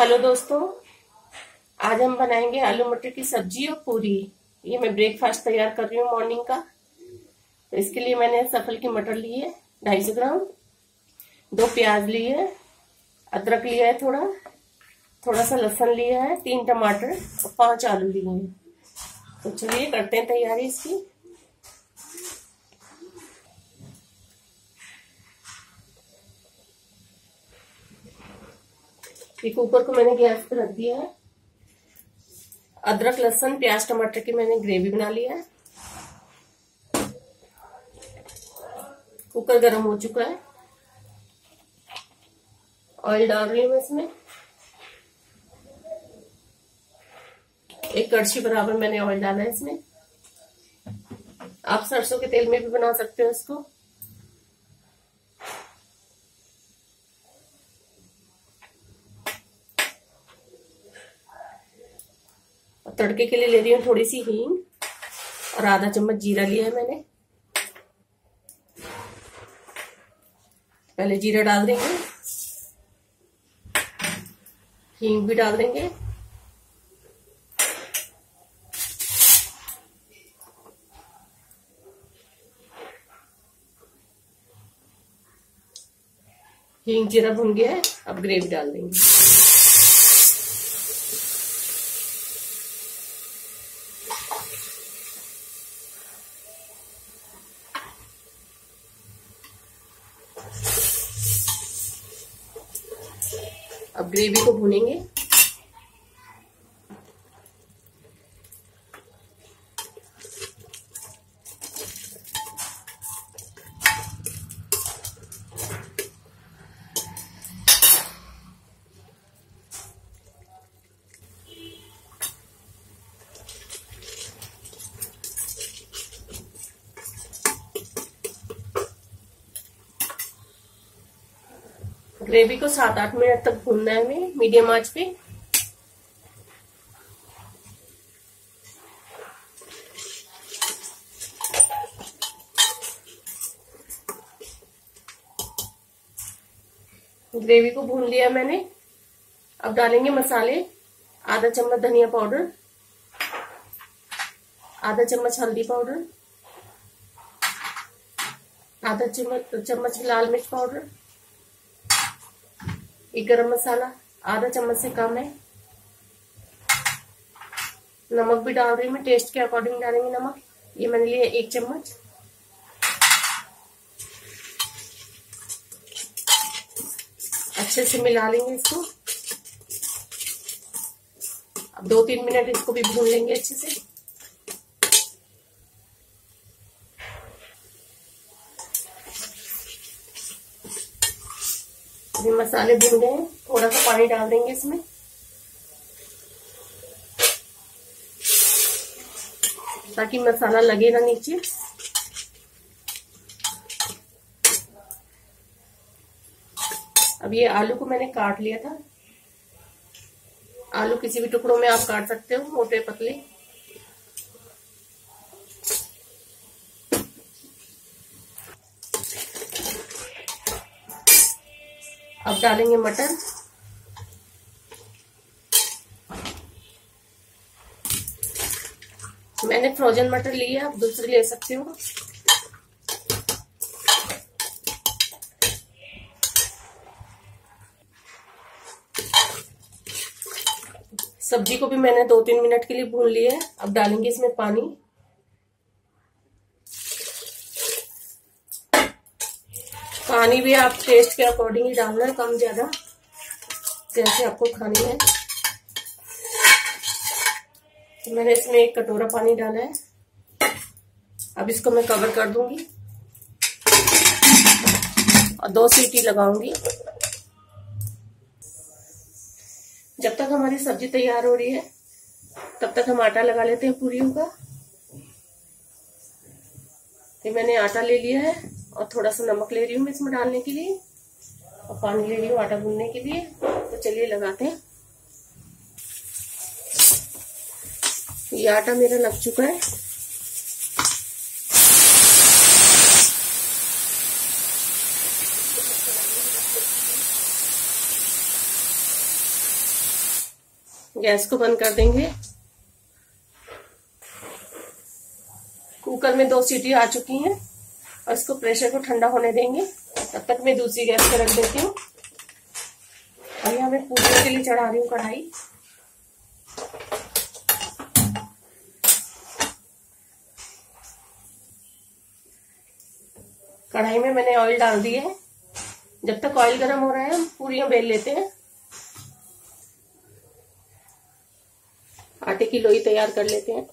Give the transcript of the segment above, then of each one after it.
hello दोस्तों आज हम बनाएंगे आलू मटर की सब्जी और पूरी ये मैं ब्रेकफास्ट तैयार कर रही हूँ मॉर्निंग का तो इसके लिए मैंने सफल की मटर ली है ढाई सौ ग्राम दो प्याज ली है अदरक लिया है थोड़ा थोड़ा सा लहसुन लिया है तीन टमाटर और पांच आलू लिए हैं तो चलिए करते हैं तैयारी इसकी ये कुकर को मैंने गैस पर रख दिया है अदरक लहसन प्याज टमाटर की मैंने ग्रेवी बना लिया है कुकर गर्म हो चुका है ऑयल डाल रही हूँ मैं इसमें एक कड़छी बराबर मैंने ऑयल डाला है इसमें आप सरसों के तेल में भी बना सकते हो इसको तड़के के लिए ले रही हूँ थोड़ी सी हींग और आधा चम्मच जीरा लिया है मैंने पहले जीरा डाल देंगे हींग भी डाल देंगे हींग जीरा भून गया है अब ग्रेवी डाल देंगे ग्रेवी को भुनेंगे ग्रेवी को सात आठ मिनट तक भूनना है हमें मीडियम आंच पे ग्रेवी को भून लिया मैंने अब डालेंगे मसाले आधा चम्मच धनिया पाउडर आधा चम्मच हल्दी पाउडर आधा चम्मच चम्मच लाल मिर्च पाउडर एक गरम मसाला आधा चम्मच से कम है नमक भी डाल रही मैं टेस्ट के अकॉर्डिंग डालेंगे नमक ये मैंने लिया एक चम्मच अच्छे से मिला लेंगे इसको अब दो तीन मिनट इसको भी भून लेंगे अच्छे से अभी मसाले भून गए थोड़ा सा पानी डाल देंगे इसमें ताकि मसाला लगे ना नीचे अब ये आलू को मैंने काट लिया था आलू किसी भी टुकड़ों में आप काट सकते हो मोटे पतले अब डालेंगे मटर मैंने फ्रोजन मटर लिया आप दूसरी ले सकते हो सब्जी को भी मैंने दो तीन मिनट के लिए भून लिया है अब डालेंगे इसमें पानी पानी भी आप टेस्ट के अकॉर्डिंग ही डालना है कम ज़्यादा जैसे आपको खानी है तो मैंने इसमें एक कटोरा पानी डाला है अब इसको मैं कवर कर दूंगी और दो सीटी लगाऊंगी जब तक हमारी सब्जी तैयार हो रही है तब तक हम आटा लगा लेते हैं पूरी का ये मैंने आटा ले लिया है और थोड़ा सा नमक ले रही हूँ मैं इसमें डालने के लिए और पानी ले रही हूँ आटा भूनने के लिए तो चलिए लगाते हैं ये आटा मेरा लग चुका है गैस को बंद कर देंगे कुकर में दो सीटी आ चुकी हैं और इसको प्रेशर को ठंडा होने देंगे तब तक मैं दूसरी गैस पर रख देती हूँ और यहाँ मैं पूजने के लिए चढ़ा रही हूँ कढ़ाई कढ़ाई में मैंने ऑयल डाल दिया है जब तक ऑयल गर्म हो रहा है हम पूरी बेल लेते हैं आटे की लोई तैयार कर लेते हैं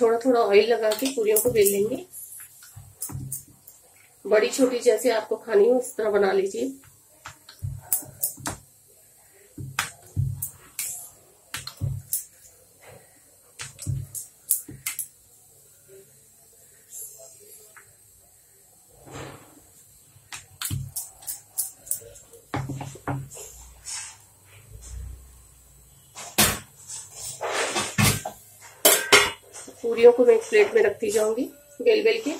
थोड़ा थोड़ा ऑयल लगा के पूरियों को बेल लेंगे बड़ी छोटी जैसे आपको खानी हो उस तरह बना लीजिए पूरियों को मैं एक प्लेट में रखती जाऊंगी बेल बेल के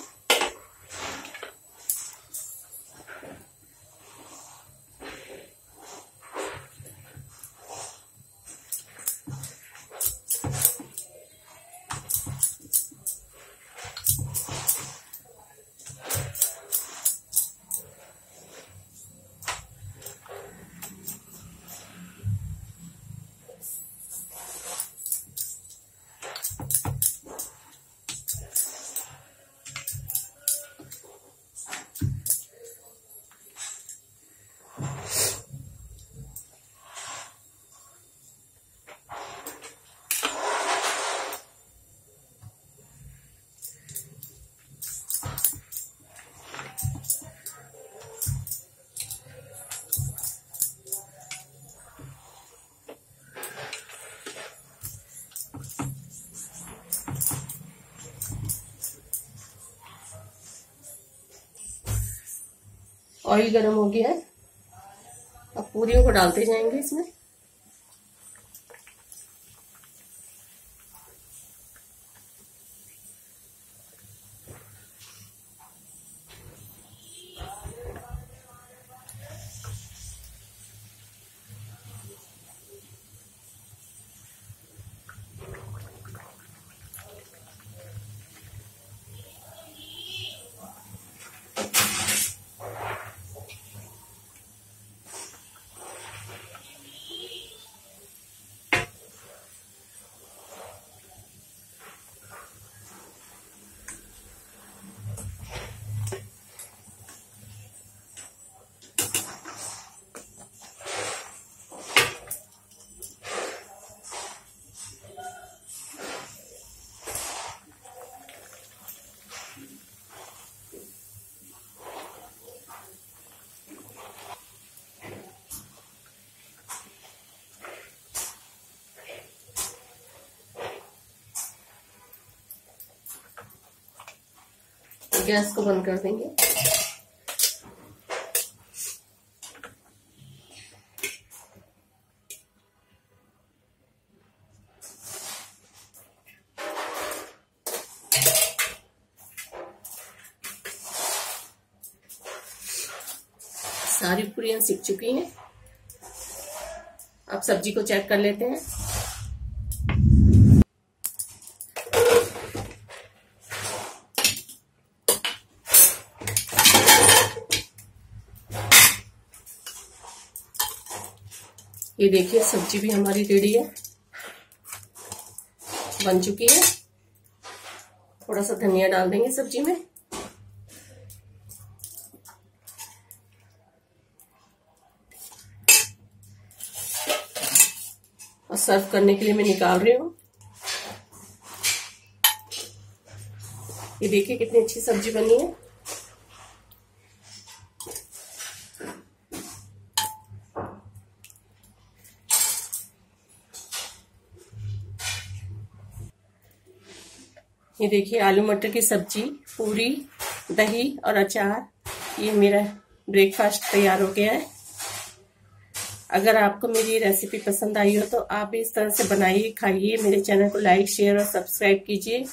ऑयल गर्म हो गया है अब पूरी को डालते जाएंगे इसमें गैस को बंद कर देंगे सारी पूरियां सीख चुकी हैं अब सब्जी को चेक कर लेते हैं ये देखिए सब्जी भी हमारी रेडी है बन चुकी है थोड़ा सा धनिया डाल देंगे सब्जी में और सर्व करने के लिए मैं निकाल रही हूं ये देखिए कितनी अच्छी सब्जी बनी है ये देखिए आलू मटर की सब्जी पूरी दही और अचार ये मेरा ब्रेकफास्ट तैयार हो गया है अगर आपको मेरी रेसिपी पसंद आई हो तो आप इस तरह से बनाइए खाइए मेरे चैनल को लाइक शेयर और सब्सक्राइब कीजिए